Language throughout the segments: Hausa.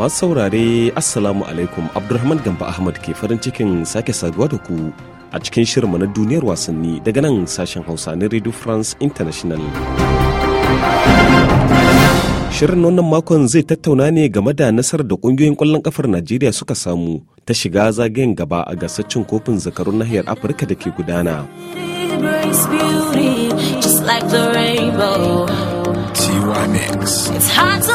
masu saurare assalamu alaikum abdulrahman gamba ahmad ke farin cikin sake saduwa da ku a cikin shirinmu na duniyar wasanni daga nan sashen hausa na radio france international shirin wannan makon zai tattauna ne game da nasarar da kungiyoyin kwallon kafar najeriya suka samu ta shiga zagayen gaba a gasar cin kofin zakarun nahiyar afirka da ke gudana t It's hard to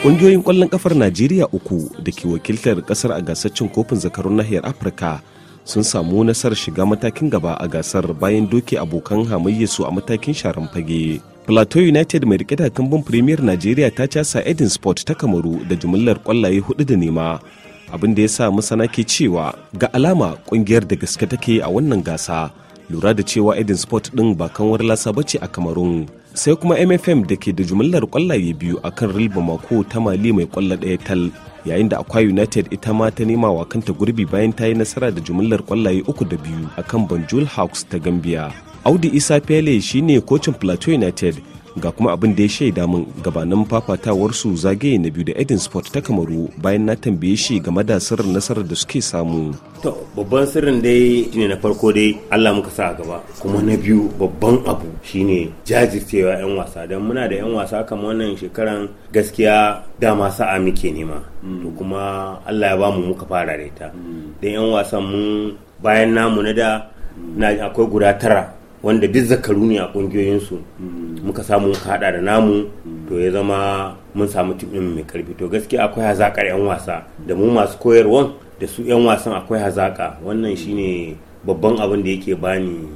Ƙungiyoyin ƙwallon ƙafar Najeriya uku da ke wakiltar ƙasar a gasar cin kofin zakarun nahiyar Afirka sun samu nasarar shiga matakin gaba a gasar bayan doke abokan su a matakin sharan fage. Plateau United mai rike da kambun Premier Najeriya ta casa Eden Sport ta Kamaru da jumillar kwallaye hudu da nema. Abin da ya sa masana ke cewa ga alama ƙungiyar da gaske take a wannan gasa. Lura da cewa Eden Sport ɗin ba kanwar lasa bace a Kamarun. sai kuma mfm da ke da jumlar kwallaye biyu a kan real mako ta mali mai kwallo ɗaya tal yayin da akwa united ita ma ta nema wa kanta gurbi bayan ta yi nasara da jumlar kwallaye uku da biyu a kan banjul hawks ta gambia audi isa pele shine kocin plateau united ga kuma abin da ya shaida min gabanin fafatawarsu zagaye na biyu da edin sport ta kamaru bayan na tambaye shi game da sirrin nasarar da suke samu to babban sirrin dai shine na farko dai allah muka sa a gaba kuma na biyu babban abu shine jajircewa yan wasa don muna da yan wasa kamar wannan shekaran gaskiya dama sa'a muke nema to hmm. kuma allah ya bamu muka fara da ita hmm. dan yan wasan mu bayan namu na da akwai guda tara wanda duk zakaru ne a kungiyoyinsu muka samu muka hada da namu to ya zama mun samu tim mai karfi to gaskiya akwai hazakar yan wasa da mu masu koyarwa da su yan wasan akwai hazaka wannan shine babban abin da yake bani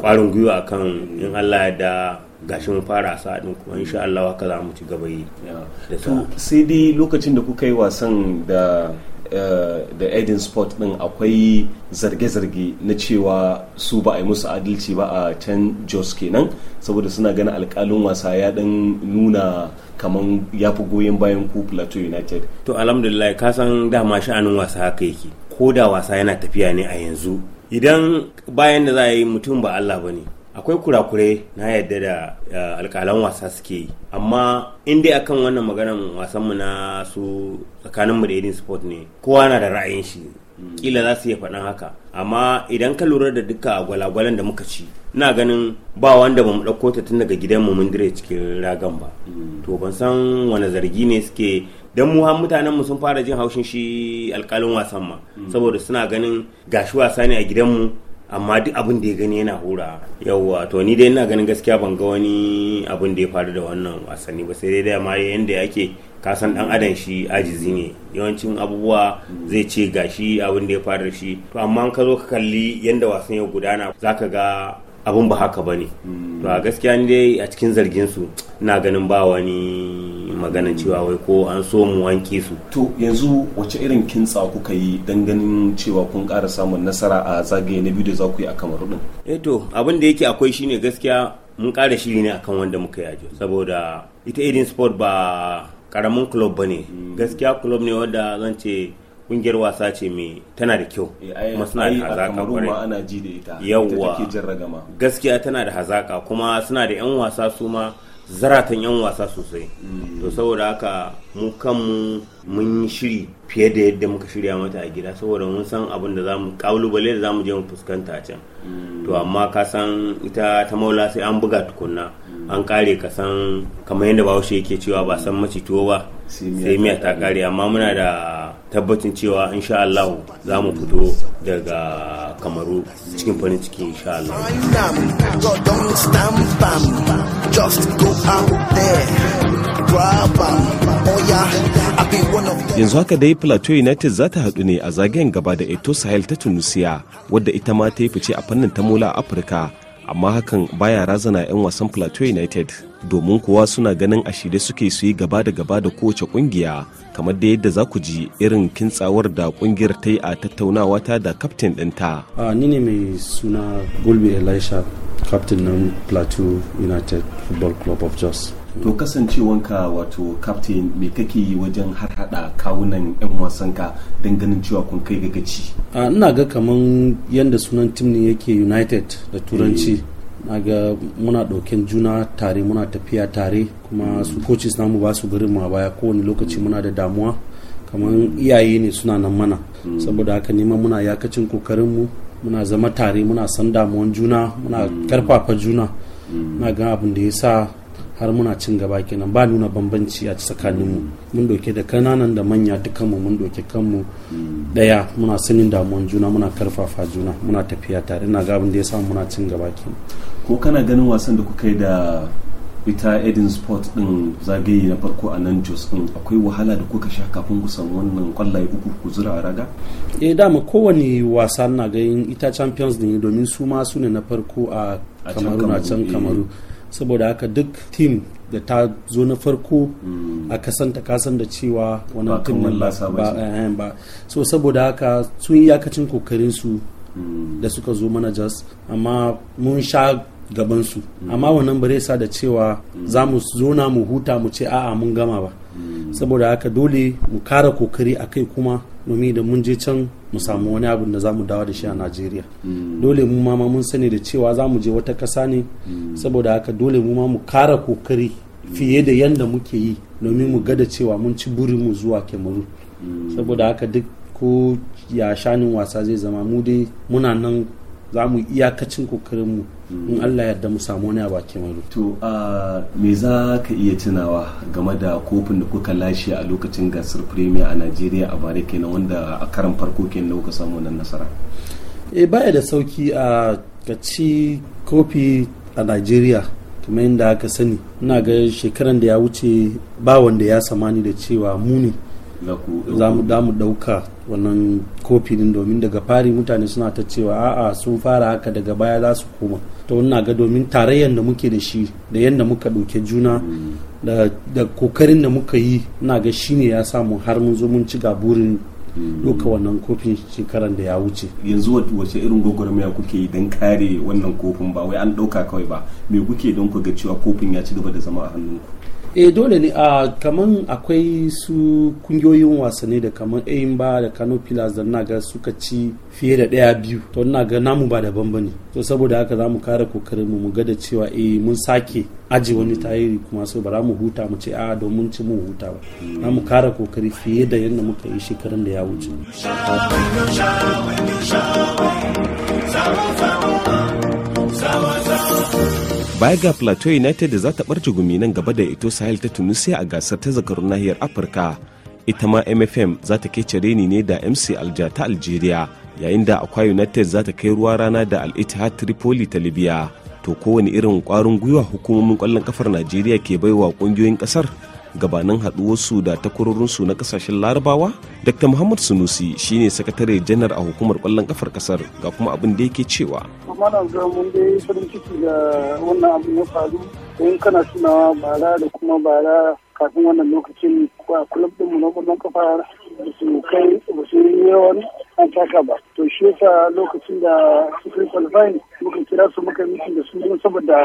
kwarin gwiwa akan in Allah da gashi mun fara a sa'adin kuma insha Allah haka za mu ci gaba yi sai dai lokacin da kuka yi wasan da Eh, da edin sport din akwai zarge-zarge na cewa su ba a yi musu adalci ba a can jos kenan saboda suna ganin alkalin wasa ya dan nuna kaman ya fi goyon bayan ku plateau united to alhamdulillah ka san dama sha'anin wasa haka yake ko da wasa yana tafiya ne a yanzu idan bayan da za a yi mutum ba allah ba ne akwai kurakure na yadda da eh, alkalan wasa suke yi amma in dai akan wannan maganan wasanmu na su tsakaninmu da irin sport ne kowa na da ra'ayin shi kila za su iya faɗan haka amma idan ka lura da duka gwalagwalan da muka ci na ganin ba wanda ba mu ɗauko ta tun daga gidan mu mun dire cikin ragan ba mm. to ban san wani zargi ne suke dan mu har mutanen mu sun fara jin haushin shi alƙalin wasan ma mm. saboda suna ganin gashi wasa ne a gidan mu amma duk abin da ya gani yana hura yawwa to ni dai ina ganin gaskiya ban ga wani abin da ya faru da wannan wasanni ba sai dai da ma yanda yake san dan adam shi ajizi ne yawancin abubuwa zai ce gashi abin da ya faru shi to amma ka zo ka kalli yanda wasan ya gudana zaka ga abin ba haka bane to a gaskiya ni dai a cikin zargin su ina ganin ba wani magana cewa wai ko an so mu wanke su to yanzu wace irin kintsa kuka yi dan ganin cewa kun ƙara samun nasara a zagaye na biyu da za ku yi a kamaru ɗin? eh to abin da yake akwai shine gaskiya mun ƙara shiri ne akan wanda muka yaji. saboda ita irin sport ba karamin club ba ne hmm. gaskiya club ne wanda zan ce kungiyar wasa ce mai tana da kyau eh, kuma suna da hazaka kwarai yawwa gaskiya tana da hazaka kuma suna da yan wasa su ma zaratan yan wasa sosai to saboda haka mu kanmu mun yi shiri fiye da yadda muka shirya mata a gida saboda mun san abin da zamu kalubale da zamu je mu fuskanta a can to amma ka san ita ta maula sai an buga tukunna an kare ka san kamar yadda bahaushe yake cewa ba san mace tuwo ba sai miya ta kare amma muna da tabbacin cewa insha Allah za mu fito daga kamaru cikin farin ciki insha Allah yanzu haka dai plateau united za ta haɗu ne a zagayen gaba da eto sahel ta tunisia wadda ita ma ta yi fice a fannin tamola a afirka amma hakan baya razana 'yan wasan plateau united domin kuwa suna ganin a shirye suke su yi gaba da gaba da kowace kungiya kamar da yadda za ku ji irin kintsawar da kungiyar ta yi a tattaunawa ta da kaftin ɗinta. ni ne mai suna gulbi elisha kaftin nan plateau united football club of jos to kasancewanka wato captain me kake yi wajen har hada kawunan yan wasanka don ganin cewa kun kai ga gaci ina ga kaman yadda sunan tim ne yake united da turanci eh. na ga muna ɗauken juna tare muna tafiya tare kuma hmm. su coaches namu ba su birin ma baya kowane lokaci muna da damuwa kaman iyaye ne suna nan mana hmm. saboda haka neman muna yakacin kokarinmu muna zama tare muna san damuwan juna muna karfafa hmm. juna na ga abin da ya sa har muna cin gaba kenan ba nuna bambanci a tsakaninmu mun doke da kananan da manya dukanmu mun doke kanmu daya muna sanin damuwan juna muna karfafa juna muna tafiya tare ina gabin da ya muna cin gaba kenan ko kana ganin wasan da kuka yi da ita edin sport din zagaye na farko a nan jos din akwai wahala da kuka sha kafin ku samu wannan kwallaye uku ku zura a raga eh dama kowane wasa na ga ita champions din domin su ma su ne na farko a kamaru na can kamaru eh. saboda haka duk tim da ta zo na farko hmm. a kasanta kasan da cewa wannan tim ba eh, ba so saboda haka sun iyakacin yakacin kokarinsu hmm. da suka zo managers amma mun sha gabansu hmm. amma wannan bare sa da cewa za mu zona mu huta mu ce a'a mun gama ba saboda haka dole mu kara kokari a kai kuma domin da mun je can mu samu wani abin da za mu dawo da shi a najeriya mm. dole mu ma mun sani da cewa za mu je wata ƙasa ne mm. saboda haka dole mu ma mu kara kokari fiye da yanda muke yi domin mu gada cewa mun ci burin mu zuwa kemaru mm. saboda haka duk ko ya shanin wasa zai zama mu dai muna nan za mu iyakacin kokarinmu in Allah yarda mu samu wani a bakin wani. To me za ka iya tunawa game da kofin da kuka lashe a lokacin gasar Premier a Najeriya a bare kenan wanda a karan farko kenan da kuka samu wannan nasara? E baya da sauki a ka ci kofi a Najeriya kamar yadda aka sani ina ga shekaran da ya wuce ba wanda ya samani da cewa muni. za mu dauka wannan kofi din domin daga fari mutane suna ta cewa a'a sun fara haka daga baya za su koma to wannan ga domin tarayyar da muke da shi da yadda muka dauke juna mm. da kokarin da muka yi na ga shine ya samu har mun zo mun ci burin doka mm. wannan kofin shekaran da ya wuce yanzu wace irin gwagwarmaya kuke yi don kare wannan kofin ba wai an ɗauka kawai ba me kuke don ku ga cewa kofin ya ci gaba da zama a hannunku eh dole ne a ah, kaman akwai su kungiyoyin wasanni da kaman ba da Kano Pillars da naga suka ci fiye da daya biyu to na ga namu ba daban ba ne to saboda haka za mu kare kokarin mu ga da cewa eh mun sake aji wani tayiri kuma so bara mu huta mu ce a ah, domin ci mu huta ba na mu kara kokari fiye da yadda muka yi shekarun da ya wuce. baya ga plateau united da za ta barci gumi nan gaba da ito sahel ta tunisia a gasar ta zakarun nahiyar afirka ita ma mfm za ta kece reni ne da mc alja ta algeria yayin da akwa united za ta kai ruwa rana da al-ittihad tripoli ta libya to kowane irin kwarin gwiwa hukumomin kwallon kafar najeriya ke baiwa kungiyoyin kasar gabanin haɗuwarsu da takwarorinsu na kasashen larabawa dr muhammad sunusi shine sakatare janar a hukumar kwallon kafar kasar ga kuma abin da yake cewa mana mun dai farin ciki da wannan abin ya faru in kana tunawa bara da kuma bara kafin wannan lokacin a kulab ɗinmu na kwallon kafa ba su kai ba su yi yawan an taka ba to shi yasa lokacin da suka yi muka kira su muka yi da su saboda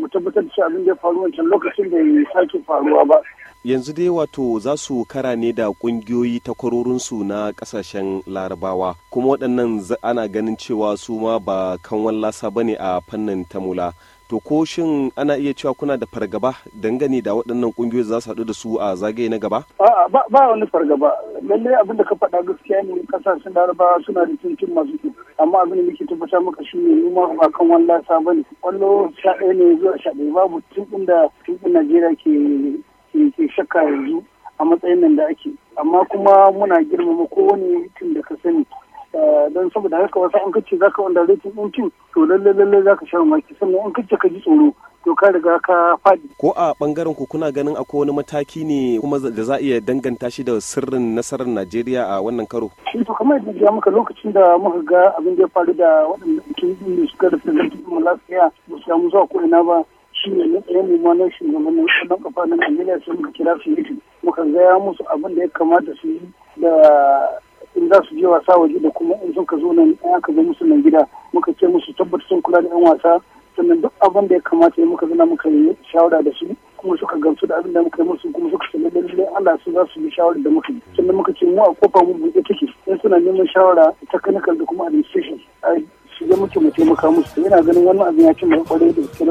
mu tabbatar da abin da ya faru wancan lokacin da ya sake faruwa ba. Yanzu dai wato za su kara ne da ƙungiyoyi kungiyoyi su na kasashen larabawa kuma waɗannan ana ganin cewa su ma ba kanwan lasa ba ne a fannin tamula. To ko shin ana iya cewa kuna da fargaba dangane da waɗannan kungiyoyi za su haɗu da su a zagaye na gaba? A'a ba wani fargaba. Lallai abin da ka faɗa gaskiya ne kasashen larabawa suna da cincin masu kyau. amma abin da muke tabbatar maka shi ne noma ba kan wani lasa ba ne kwallo sha ɗaya ne zuwa sha ɗaya babu tunkun da tun najeriya ke ke shakka yanzu a matsayin nan da ake amma kuma muna girmama kowane tun da ka sani eh, don saboda haka wasu an kace zaka wanda zai din tun to lallai lallai zaka sha maki sannan an kace ka ji tsoro to ka riga ka faɗi. Ko a ɓangaren ku kuna ganin akwai wani mataki ne kuma da za a iya danganta shi da sirrin nasarar Najeriya a wannan karo? Shi to kamar yadda ya muka lokacin da muka ga abin da ya faru da waɗanda ke yi suka da presentation mu lafiya ba su samu zuwa ko ina ba shi ne na shi ne ma na shugabannin ƙwallon kafa na Najeriya sai muka kira su yi muka gaya musu abin da ya kamata su yi da in za su je wasa waje da kuma in sun ka zo nan aka zo musu nan gida muka ce musu tabbata sun kula da 'yan wasa sannan duk abin da ya kamata ya muka zana muka yi shawara da su kuma suka gamsu da abin da muka yi musu kuma suka sami lallai Allah su za su yi shawarar da muka yi sannan muka ce mu a kofa mu buɗe take in suna neman shawara ta clinical da kuma administration a su muke mu taimaka musu yana ganin wannan abin ya ci mai kwarai da su.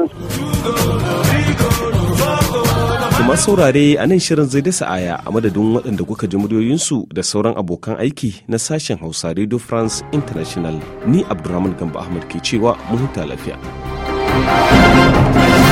Kuma saurare a nan shirin zai dasa aya a madadin waɗanda kuka ji muryoyinsu da sauran abokan aiki na sashen Hausa Radio France International. Ni Abdulrahman Gamba Ahmad ke cewa mun huta lafiya. Música